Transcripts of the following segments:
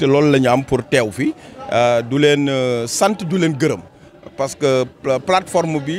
te loolu la ñu am pour teew fi euh, du leen euh, sant du leen gërëm parce que plateforme bi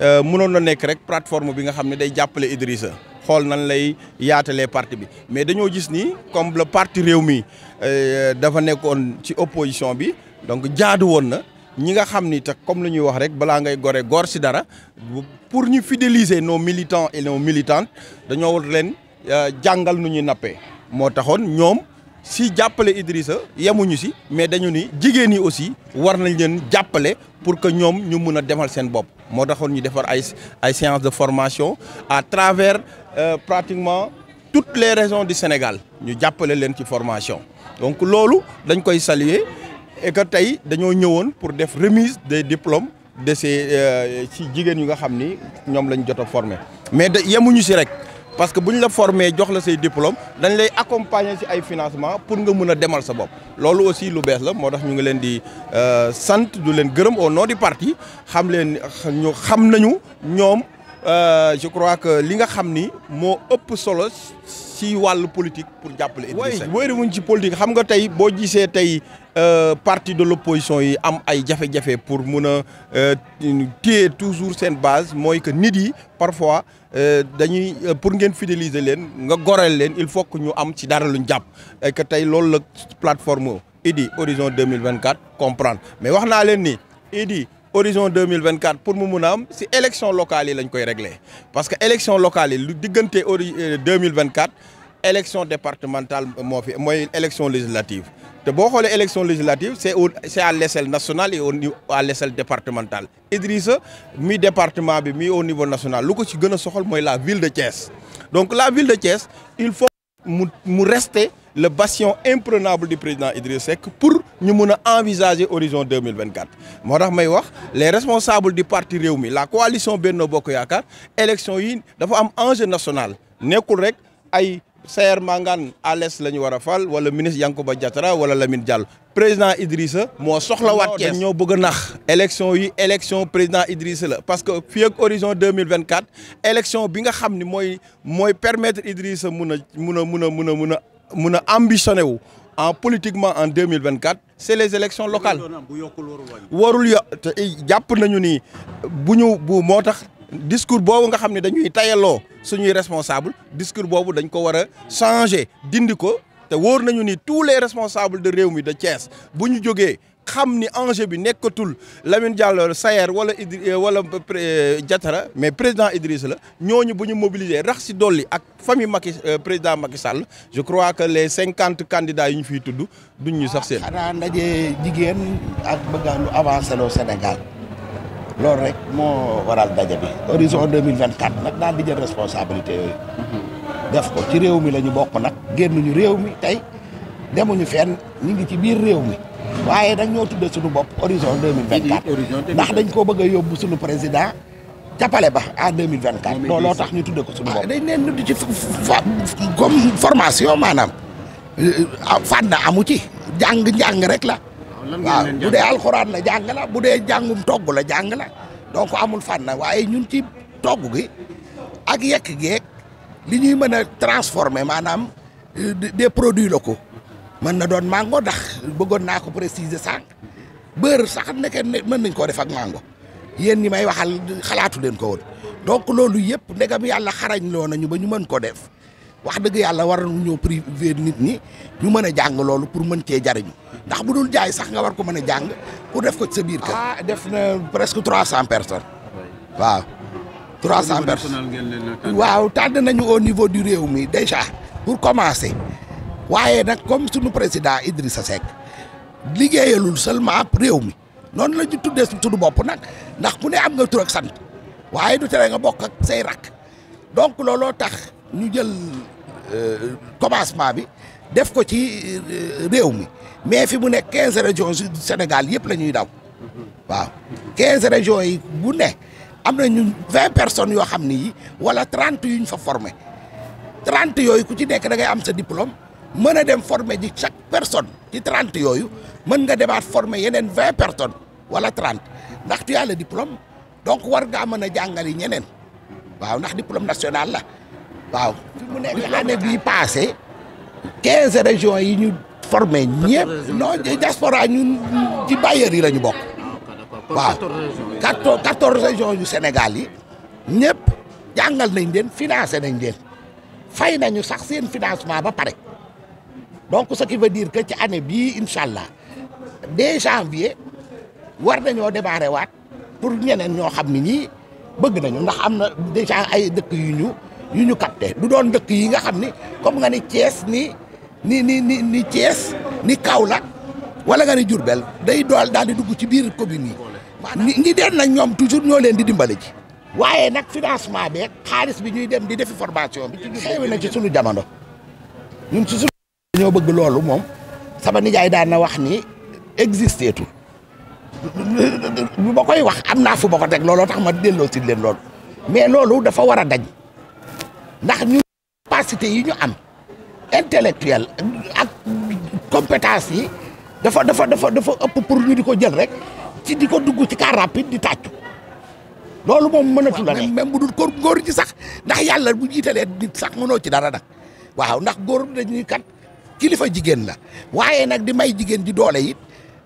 euh, mënoon na nekk rek plateforme bi nga xam ne day jàppale Idrissa xool nan lay yaatalee parti bi mais dañoo gis ni comme le parti Rewmi dafa nekkoon ci opposition bi donc jaadu woon na ñi nga xam ni te comme la ñuy wax rek balaa ngay gore gor si dara pour ñu fidéliser nos militants et nos dañoo war leen jàngal nu ñuy nappee moo taxoon ñoom. si jàppale Idrissa yemuñu si mais dañu ni jigéen ñi aussi war nañ leen jàppale pour que ñoom ñu mun a demal seen bopp moo taxoon ñu defar ay ay séances de formation à travers euh, pratiquement toutes les régions du Sénégal ñu jàppale leen ci formation donc loolu dañ koy saluer et que tey dañoo ñëwoon pour def remise des diplômes de ces euh, ci jigéen yu nga xam ni ñoom lañ jot a formé mais yemuñu si rek parce que bu ñu la formé jox la say diplôme dañ lay accompagner si ay financement pour nga mun a demal sa bopp loolu aussi lu bees la moo tax ñu ngi leen di euh, sant du leen gërëm o nom du parti xam leen ñu xam nañu ñoom Euh, je crois que li nga xam ni moo ëpp solo si wàll politique pour jàppale Idrissa Seck wéeru wuñ ci politique xam nga tey boo gisee tey euh, parti de l'opposition yi am ay jafe-jafe pour mun a euh, téye toujours seen base mooy que nit yi parfois dañuy pour ngeen fidéliser leen nga goreel leen il faut que ñu am ci dara luñ jàpp que tey loolu la plateforme Idy Horizon 2024 comprendre mais wax naa leen nii horizon 2024 pour mu mun a am si élection locale yi lañ koy régler parce que élection locale yi lu diggante hori 2024 euh, élection départementale moo fi mooy élection législative te boo xoolee élection législative c'est au c'est à l'échelle nationale et au niveau à l'échelle départementale Idrissa mi département bi mi au niveau national lu ko ci gën a soxal mooy la ville de Thiès donc la ville de Thiès il faut mu mu rester le bastion imprenable du président Idriss Seck pour ñu mun a envisager horizon 2024 moo tax may wax les responsables du parti mi la coalition Benno Bokk Yaakaar élection yi dafa am enjeu national nekkul rek ay Saër Mangane à l'est la ñu war a fal wala ministre Yankuba Diatara wala Lamine Diallo président Idrissa moo soxlawaat Thiès ñoo bëgg nax élection yi élection président Idrissa la parce que fii ak horizon 2024 élection bi nga xam ni mooy mooy permettre Idrissa mun a mun a mun a mun a mun a mun a ambitionné wu en politiquement en 2024 c'est les élections locales warul yo te eh, jàpp nañu ni bu ñu bu moo tax discours boobu nga xam ne dañuy tayaloo suñuy responsable discours boobu dañ ko war a changer dindi ko te wóor nañu ni tous les responsables de réew mi de Thiès bu ñu jógee xam ni enjeu bi nekkatul Lamine Diallo Sayer wala Idri euh, wala euh, Diatara mais président Idriss la ñooñu bu ñu mobiliser rax si dolli ak famille Macky euh, président Macky Sall je crois que les cinquante candidats yi ñu fiy tudd duñ ñu sax seen. Ah, xanaa ndaje jigéen ak bëgg a lu avancé loo Sénégal. loolu rek moo waral daje bi horizon 2024 nag daal di jël responsabilité yooyu def ko ci réew mi la ñu bokk nag ñu réew mi tey demuñu fen ñu ngi ci biir réew mi waaye dañ ñoo tudde suñu bopp horizon 2024 ndax dañ koo bëgg a yóbbu suñu président capale ba à 2024 looloo tax ñu tudde ko suñu bopp ah, dañ leen nudd ci comme formation maanaam euh, ah, fànn amu ci jàng njàng rek la waaw bu dee alxuraan la jàng la bu dee jàngum toggu la jàng la donc amul fànn waaye ñun ci togg gi ak yekk geeg li ñuy mën a transformer maanaam euh, des produits ko mën na doon mango dax bëggoon naa ko préciser sànq beurre sax nekkee mën nañ koo def ak mango yéen ñi may waxal xalaatu leen ko woon donc loolu yëpp ndegam yàlla xarañ loo nañu ba ñu mën ko def wax dëgg yàlla war nañu ñëw privé nit ñi ñu mën a jàng loolu pour mën cee jariñu ndax bu dul jaay sax nga war ko mën a jàng pour def ko ci sa biir kër. Ah, def na presque trois cent personnes. waaw trois cent personnes waaw tànn nañu au niveau du réew mi déjà pour commencer waaye nag comme suñu président Idrissa Seck liggéeyalul seulement réew mi noonu la ñu tuddee suñu bopp nag ndax ku ne am nga tur ak sant waaye du tere nga bokk ak say rakk donc looloo tax ñu jël Euh, commencement bi def ko ci euh, réew mi mais fi mu nekk quinze régions Sénégal yëpp la ñuy daw waaw quinze régions yi bu ne am na ñu vingt personnes yoo xam ni yi wala trente yuñ fa formé trente yooyu ku ci nekk da ngay am sa diplôme mën a dem formé ji chaque personne ci trente yooyu mën nga demaat formé yeneen vingt personnes wala trente ndax tu as le diplôme donc war ngaa mën a jàngali ñeneen waaw ndax diplôme national la waaw fi mu bii passé quinze régions yi ñu formé ñëpp non diaspora ñun ci bailleurs yi la ñu bokk waaw quatorze régions yu Sénégal yi ñëpp jàngal nañ den financé nañ leen fay nañu sax seen financement ba pare donc ce qui veut dire que ci année bii incha allah dès janvier war nañoo démarrer waat pour ñeneen ñoo xam ni ñii bëgg nañu ndax am na déjà ay dëkk yu ñu yu ñu capté du doon dëkk yi nga xam ni comme nga ni Thiès ni ni cees ni ni Thiès ni Kaolack wala nga ni Diourbel day dool daal di dugg ci biir commune yi ñi deen nag ñoom toujours ñoo leen di dimbale ji waaye nag financement bi xaalis bi ñuy dem di defi formation bi xewi na ci sunu jamono ñun ci sunu ñoo bëgg loolu moom sama nijaay daan na wax nii existé tout bu ma koy wax am naa fu ma ko teg looloo tax ma delloo si leen loolu mais loolu dafa war a dañ ndax ñu capacité yi ñu am intellectuelle ak compétence yi dafa dafa dafa dafa ëpp pour ñu di ko jël rek ci di ko dugg ci car rapide di tàccu loolu moom mën mënatu la ne même bu dul góor góor ji sax ndax yàlla bu jiitalee nit sax mënoo ci dara nag waaw ndax góor dañuy kat kilifa jigéen la waaye nag di may jigéen ji doole it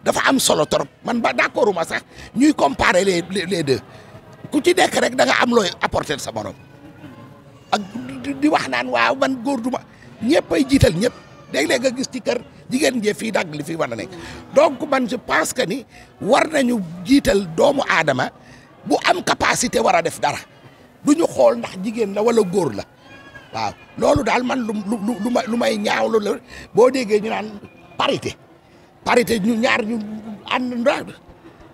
dafa am solo trop man ba d'accorduma sax ñuy comparer les les deux ku ci nekk rek da nga am looy apporter sa morom ak di wax naan waaw man góor du ma ñëpp ay jiital ñëpp léeg-léeg a gis ci kër jigéen ñi fii dagg fii war a nekk donc man je pense que ni war nañu jiital doomu aadama bu am capacité war a def dara du ñu xool ndax jigéen la wala góor la waaw loolu daal man lu lu lu may lu may la boo déggee ñu naan parité parité ñu ñaar ñu ànd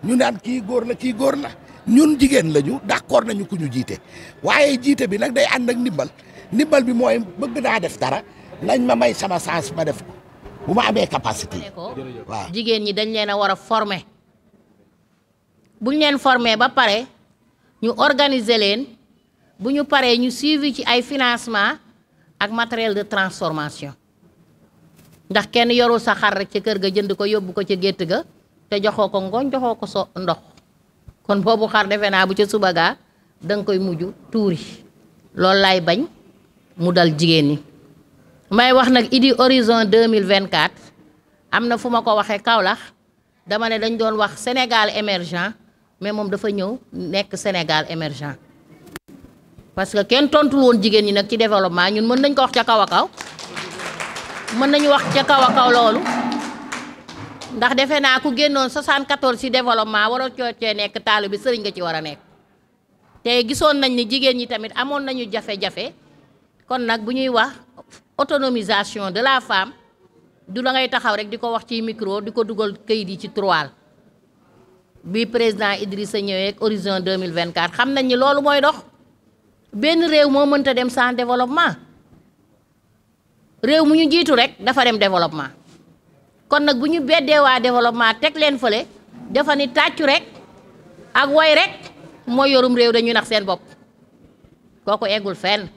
ñu naan kii góor la kii góor la. ñun jigéen lañu d'accord nañu ku ñu jiite waaye jiite bi nag day ànd ak ndimbal ndimbal bi mooy bëgg naa def dara nañ ma may sama sens ma def ko bu ma amee capacité waaw jigéen ñi dañ leen a war a former buñ leen former ba pare ñu organiser leen bu ñu paree ñu suivi ci ay financement ak matériel de transformation ndax kenn yorul sa xar rek ca kër ga jënd ko yóbbu ko ci gétt ga te joxoo ko ngooñ joxoo ko so ndox kon boobu xar defe naa bu ca suba gaa da nga koy mujj tuuri loolu laay bañ mu dal jigéen ñi may wax nag idi horizon quatre am na fu ma ko waxee Kaolack dama ne dañ doon wax Sénégal émergent mais moom dafa ñëw nekk Sénégal émergent parce que kenn tontu woon jigéen ñi nag ci développement ñun mën nañ ko wax ca kaw a kaw mën nañu wax ca kaw a kaw loolu ndax defe naa ku génnoon 74 ci développement waroo coocee nekk taalu bi sëriñ nga ci war a nekk te gisoon nañ ni jigéen ñi tamit amoon nañu jafe-jafe kon nag bu ñuy wax autonomisation de la femme du la ngay taxaw rek di ko wax ci micro di ko dugal këyit yi ci trois bi président Idrissa ñëwee ak horizon 2024 xam nañ ni loolu mooy dox benn réew moo mënta dem sans développement réew mu ñu jiitu rek dafa dem développement kon nag bu ñu beddee waa développement teg leen fële dafa ni tàccu rek ak woy rek mooy yorum réew dañuy nax seen bopp kooku eggul fenn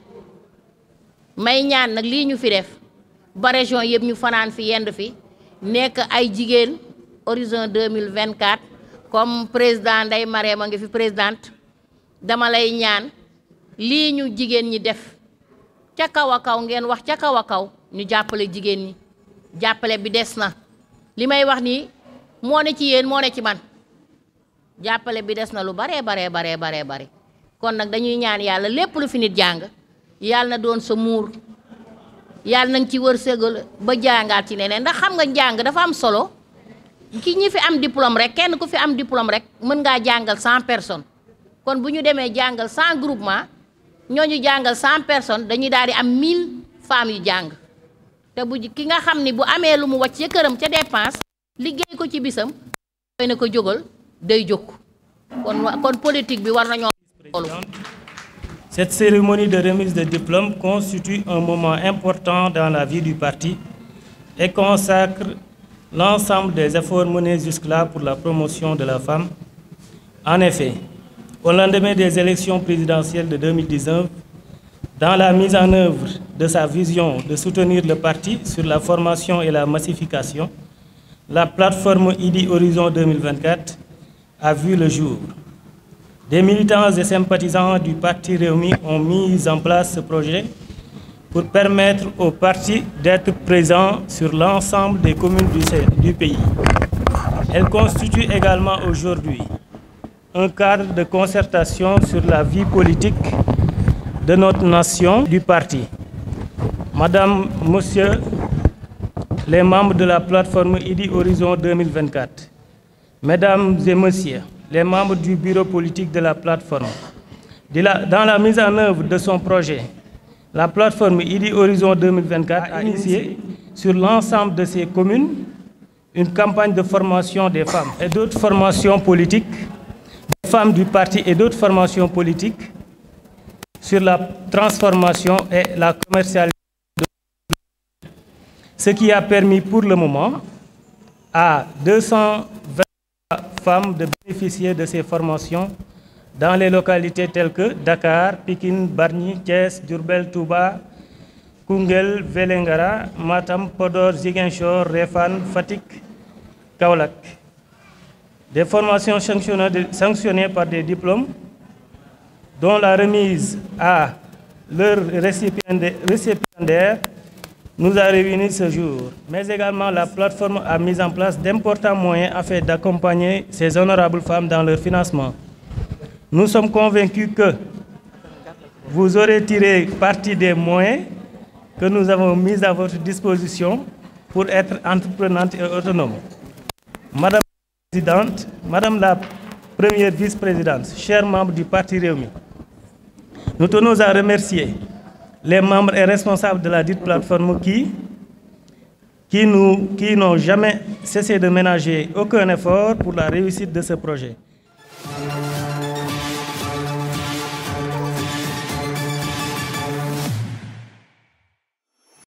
may ñaan nag lii ñu fi def ba région yëpp ñu fanaan fi yend fi nekk ay jigéen horizon 2024 comme président Ndeye Marème a ngi fi présidente dama lay ñaan lii ñu jigéen ñi def ca kaw a kaw ngeen wax ca kaw a kaw ñu jàppale jigéen ñi jàppale bi des na li may wax nii moo ne ci yéen moo ne ci man jàppale bi des na lu baree baree baree baree bare kon nag dañuy ñaan yàlla lépp lu fi nit jàng yàlla na doon sa muur yàlla nañ ci ségol ba jàngaat ci leneen ndax xam nga jàng dafa am solo ki ñi fi am diplôme rek kenn ku fi am diplôme rek mën ngaa jàngal cent personne kon bu ñu demee jàngal cent groupement ñoo ñu jàngal cent personne dañuy daal di am mille femmes yu jàng te bu ki nga xam ni bu amee lu mu wàcc ca këram ca dépense liggéey ko ci bisam doy na ko jógal day jóg kon kon politique bi war nañoo loolu Cette cérémonie de remise de diplôme constitue un moment important dans la vie du parti et consacre l'ensemble des efforts menés jusque-là pour la promotion de la femme. En effet, au lendemain des élections présidentielles de 2019, dans la mise en œuvre de sa vision de soutenir le parti sur la formation et la massification, la plateforme IDI Horizon 2024 a vu le jour. Des militants et sympathisants du parti Réumi ont mis en place ce projet pour permettre au parti d'être présent sur l'ensemble des communes du pays. Elle constitue également aujourd'hui un cadre de concertation sur la vie de notre nation, du parti. Madame, Monsieur, les membres de la plateforme IDI Horizon 2024, Mesdames et Messieurs, les membres du bureau de la plateforme, de la, dans la mise en œuvre de son projet, la plateforme IDI Horizon 2024 a initié sur l'ensemble de ses communes une campagne de formation des femmes et d'autres formations politiques, des femmes du parti et d'autres formations politiques sur la transformation et la commercialisation de ce qui a permis pour le moment à 220 femmes de bénéficier de ces formations dans les localités telles que Dakar, Pikine, Bargny, Thiès, Diourbel, Touba, Koungheul, Vélingara, Matam, Podor, Ziguinchor, Réfane, Fatick, Kaolack. Des formations sanctionnées par des diplômes dont la remise à leur récipiendaire nous a réunis ce jour, mais également la plateforme a mis en place d'importants moyens afin d'accompagner ces honorables femmes dans leur financement. Nous sommes convaincus que vous aurez tiré parti des moyens que nous avons mis à votre disposition pour être entreprenante et autonome. Madame la Présidente, Madame la Première Vice-Présidente, chers membres du Parti Réunis, Nous tenons à remercier les membres et responsables de la dite plateforme qui, qui n'ont qui jamais cessé de ménager aucun effort pour la réussite de ce projet.